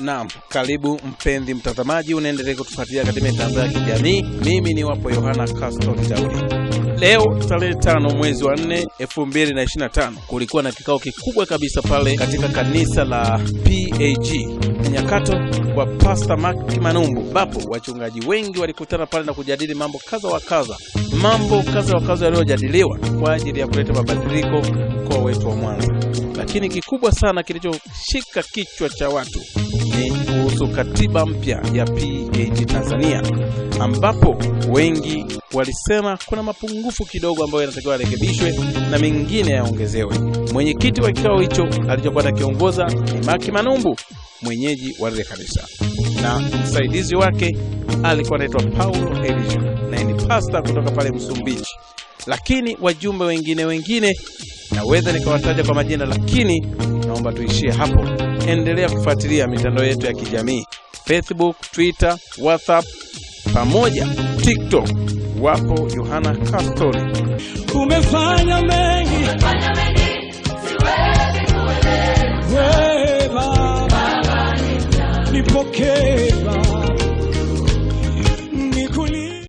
Naam, karibu mpenzi mtazamaji, unaendelea kutufuatilia katika mitandao ya kijamii. Mimi ni wapo Yohana Castro Tauli. Leo tarehe tano mwezi wa nne elfu mbili na ishirini na tano kulikuwa na kikao kikubwa kabisa pale katika kanisa la PAG Nyakato kwa Pastor Mark Kimanumbu, ambapo wachungaji wengi walikutana pale na kujadili mambo kadha wa kadha, mambo kadha wa kadha yaliyojadiliwa kwa ajili ya kuleta mabadiliko kwa wetu wa Mwanza, lakini kikubwa sana kilichoshika kichwa cha watu ni kuhusu katiba mpya ya PAG Tanzania, ambapo wengi walisema kuna mapungufu kidogo ambayo yanatakiwa yarekebishwe na mengine yaongezewe. Mwenyekiti wa kikao hicho alichokuwa anakiongoza ni Maki Manumbu, mwenyeji wa lile kanisa, na msaidizi wake alikuwa anaitwa Paulo Elijo, naye ni pasta kutoka pale Msumbiji. Lakini wajumbe wengine wengine naweza nikawataja kwa majina, lakini naomba tuishie hapo endelea kufuatilia mitandao yetu ya kijamii Facebook, Twitter, WhatsApp pamoja TikTok. Wapo Yohana Castori. Umefanya mengi, umefanya mengi, siwezi kueleza. Wewe Baba, nipokee